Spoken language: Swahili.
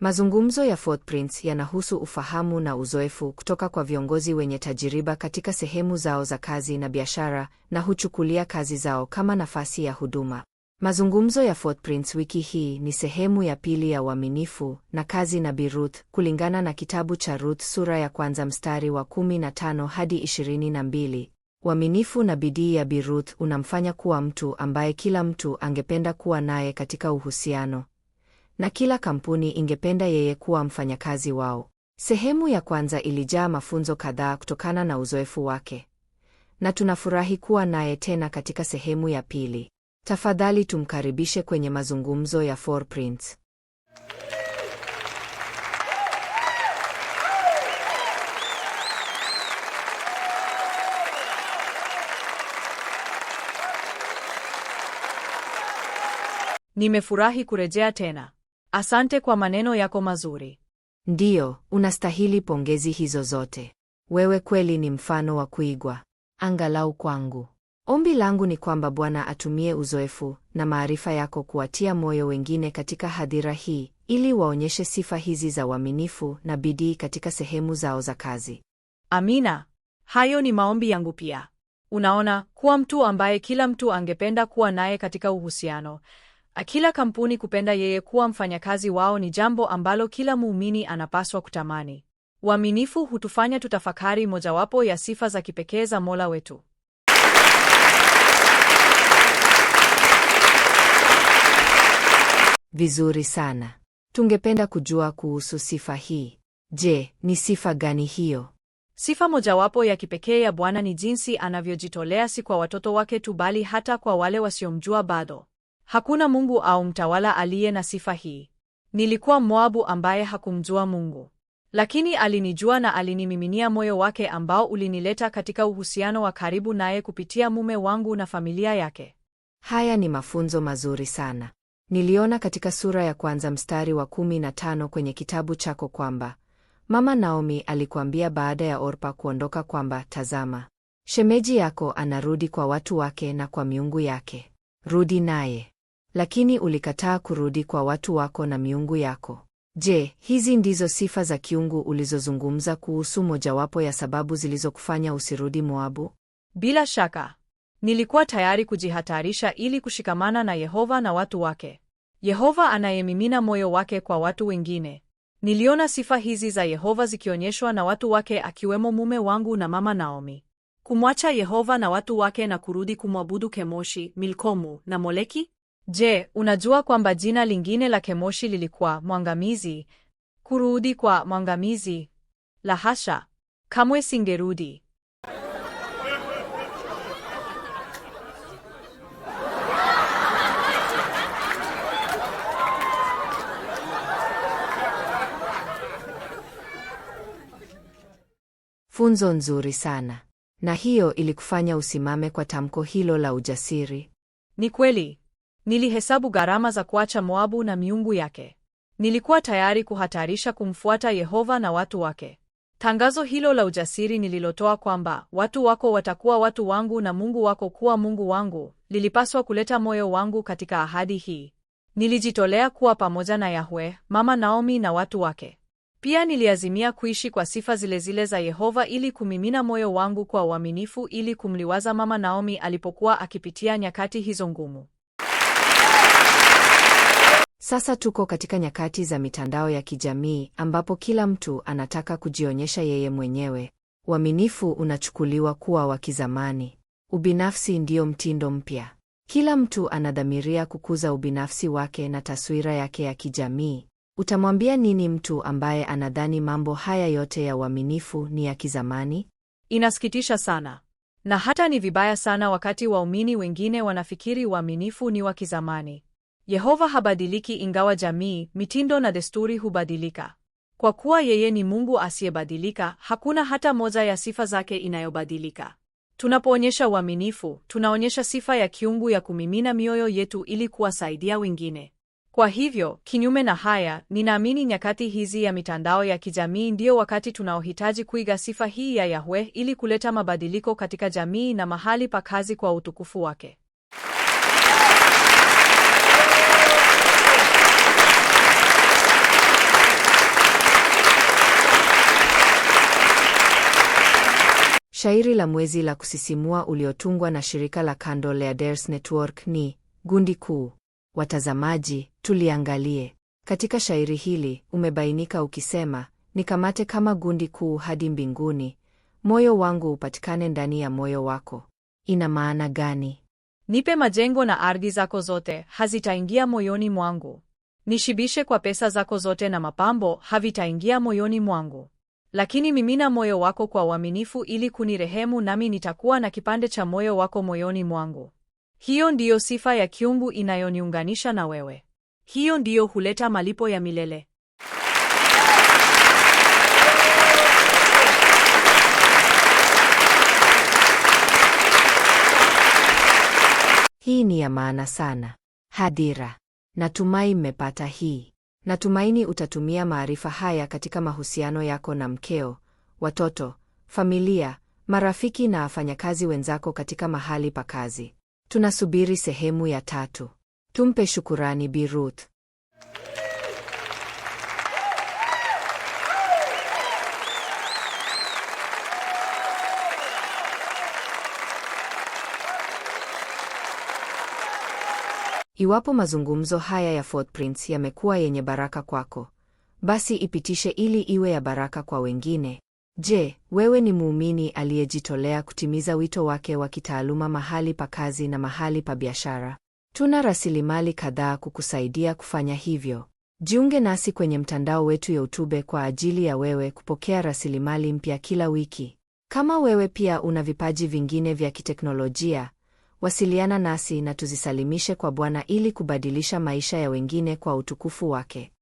Mazungumzo ya Footprints yanahusu ufahamu na uzoefu kutoka kwa viongozi wenye tajiriba katika sehemu zao za kazi na biashara na huchukulia kazi zao kama nafasi ya huduma. Mazungumzo ya Footprints wiki hii ni sehemu ya pili ya uaminifu na kazi na Bi Ruth kulingana na kitabu cha Ruth sura ya kwanza mstari wa 15 hadi 22. Uaminifu na bidii ya Bi Ruth unamfanya kuwa mtu ambaye kila mtu angependa kuwa naye katika uhusiano na kila kampuni ingependa yeye kuwa mfanyakazi wao. Sehemu ya kwanza ilijaa mafunzo kadhaa kutokana na uzoefu wake, na tunafurahi kuwa naye tena katika sehemu ya pili. Tafadhali tumkaribishe kwenye mazungumzo ya 4Prints. Nimefurahi kurejea tena. Asante kwa maneno yako mazuri. Ndiyo, unastahili pongezi hizo zote. Wewe kweli ni mfano wa kuigwa, angalau kwangu. Ombi langu ni kwamba Bwana atumie uzoefu na maarifa yako kuwatia moyo wengine katika hadhira hii, ili waonyeshe sifa hizi za uaminifu na bidii katika sehemu zao za kazi. Amina. Hayo ni maombi yangu pia. Unaona, kuwa mtu ambaye kila mtu angependa kuwa naye katika uhusiano Akila kampuni kupenda yeye kuwa mfanyakazi wao ni jambo ambalo kila muumini anapaswa kutamani. Uaminifu hutufanya tutafakari mojawapo ya sifa za kipekee za Mola wetu. Vizuri sana. Tungependa kujua kuhusu sifa hii. Je, ni sifa gani hiyo? Sifa mojawapo ya kipekee ya Bwana ni jinsi anavyojitolea si kwa watoto wake tu bali hata kwa wale wasiomjua bado. Hakuna Mungu au mtawala aliye na sifa hii. Nilikuwa Moabu ambaye hakumjua Mungu, lakini alinijua na alinimiminia moyo wake ambao ulinileta katika uhusiano wa karibu naye kupitia mume wangu na familia yake. Haya ni mafunzo mazuri sana. Niliona katika sura ya kwanza mstari wa kumi na tano kwenye kitabu chako kwamba Mama Naomi alikuambia baada ya Orpa kuondoka kwamba tazama, shemeji yako anarudi kwa watu wake na kwa miungu yake. Rudi naye lakini ulikataa kurudi kwa watu wako na miungu yako. Je, hizi ndizo sifa za kiungu ulizozungumza kuhusu, mojawapo ya sababu zilizokufanya usirudi Moabu? Bila shaka nilikuwa tayari kujihatarisha ili kushikamana na Yehova na watu wake. Yehova anayemimina moyo wake kwa watu wengine. Niliona sifa hizi za Yehova zikionyeshwa na watu wake, akiwemo mume wangu na mama Naomi. Kumwacha Yehova na watu wake na kurudi kumwabudu Kemoshi, Milkomu na Moleki Je, unajua kwamba jina lingine la Kemoshi lilikuwa mwangamizi? Kurudi kwa mwangamizi? La hasha, kamwe singerudi. Funzo nzuri sana, na hiyo ilikufanya usimame kwa tamko hilo la ujasiri. Ni kweli. Nilihesabu gharama za kuacha Moabu na miungu yake. Nilikuwa tayari kuhatarisha kumfuata Yehova na watu wake. Tangazo hilo la ujasiri nililotoa kwamba watu wako watakuwa watu wangu na Mungu wako kuwa Mungu wangu, lilipaswa kuleta moyo wangu katika ahadi hii. Nilijitolea kuwa pamoja na Yahwe, Mama Naomi na watu wake. Pia niliazimia kuishi kwa sifa zile zile za Yehova ili kumimina moyo wangu kwa uaminifu ili kumliwaza Mama Naomi alipokuwa akipitia nyakati hizo ngumu. Sasa tuko katika nyakati za mitandao ya kijamii ambapo kila mtu anataka kujionyesha yeye mwenyewe. Uaminifu unachukuliwa kuwa wa kizamani. Ubinafsi ndio mtindo mpya. Kila mtu anadhamiria kukuza ubinafsi wake na taswira yake ya kijamii. Utamwambia nini mtu ambaye anadhani mambo haya yote ya uaminifu ni ya kizamani? Inasikitisha sana. Na hata ni vibaya sana wakati waumini wengine wanafikiri uaminifu ni wa kizamani. Yehova habadiliki ingawa jamii, mitindo na desturi hubadilika. Kwa kuwa yeye ni Mungu asiyebadilika, hakuna hata moja ya sifa zake inayobadilika. Tunapoonyesha uaminifu, tunaonyesha sifa ya kiungu ya kumimina mioyo yetu ili kuwasaidia wengine. Kwa hivyo, kinyume na haya, ninaamini nyakati hizi ya mitandao ya kijamii ndiyo wakati tunaohitaji kuiga sifa hii ya Yahweh ili kuleta mabadiliko katika jamii na mahali pa kazi kwa utukufu wake. Shairi la mwezi la kusisimua uliotungwa na shirika la Candle Leaders Network ni Gundi Kuu. Watazamaji, tuliangalie. Katika shairi hili umebainika ukisema, nikamate kama gundi kuu hadi mbinguni, moyo wangu upatikane ndani ya moyo wako. Ina maana gani? Nipe majengo na ardhi zako zote, hazitaingia moyoni mwangu. Nishibishe kwa pesa zako zote na mapambo, havitaingia moyoni mwangu lakini mimina moyo wako kwa uaminifu ili kunirehemu, nami nitakuwa na kipande cha moyo wako moyoni mwangu. Hiyo ndiyo sifa ya kiungu inayoniunganisha na wewe. Hiyo ndiyo huleta malipo ya milele. Hii ni ya maana sana. hadira Natumai mmepata hii. Natumaini utatumia maarifa haya katika mahusiano yako na mkeo, watoto, familia, marafiki na wafanyakazi wenzako katika mahali pa kazi. Tunasubiri sehemu ya tatu. Tumpe shukurani Bi Ruth. Iwapo mazungumzo haya ya Footprints yamekuwa yenye baraka kwako, basi ipitishe ili iwe ya baraka kwa wengine. Je, wewe ni muumini aliyejitolea kutimiza wito wake wa kitaaluma mahali pa kazi na mahali pa biashara? Tuna rasilimali kadhaa kukusaidia kufanya hivyo. Jiunge nasi kwenye mtandao wetu YouTube kwa ajili ya wewe kupokea rasilimali mpya kila wiki. Kama wewe pia una vipaji vingine vya kiteknolojia Wasiliana nasi na tuzisalimishe kwa Bwana ili kubadilisha maisha ya wengine kwa utukufu wake.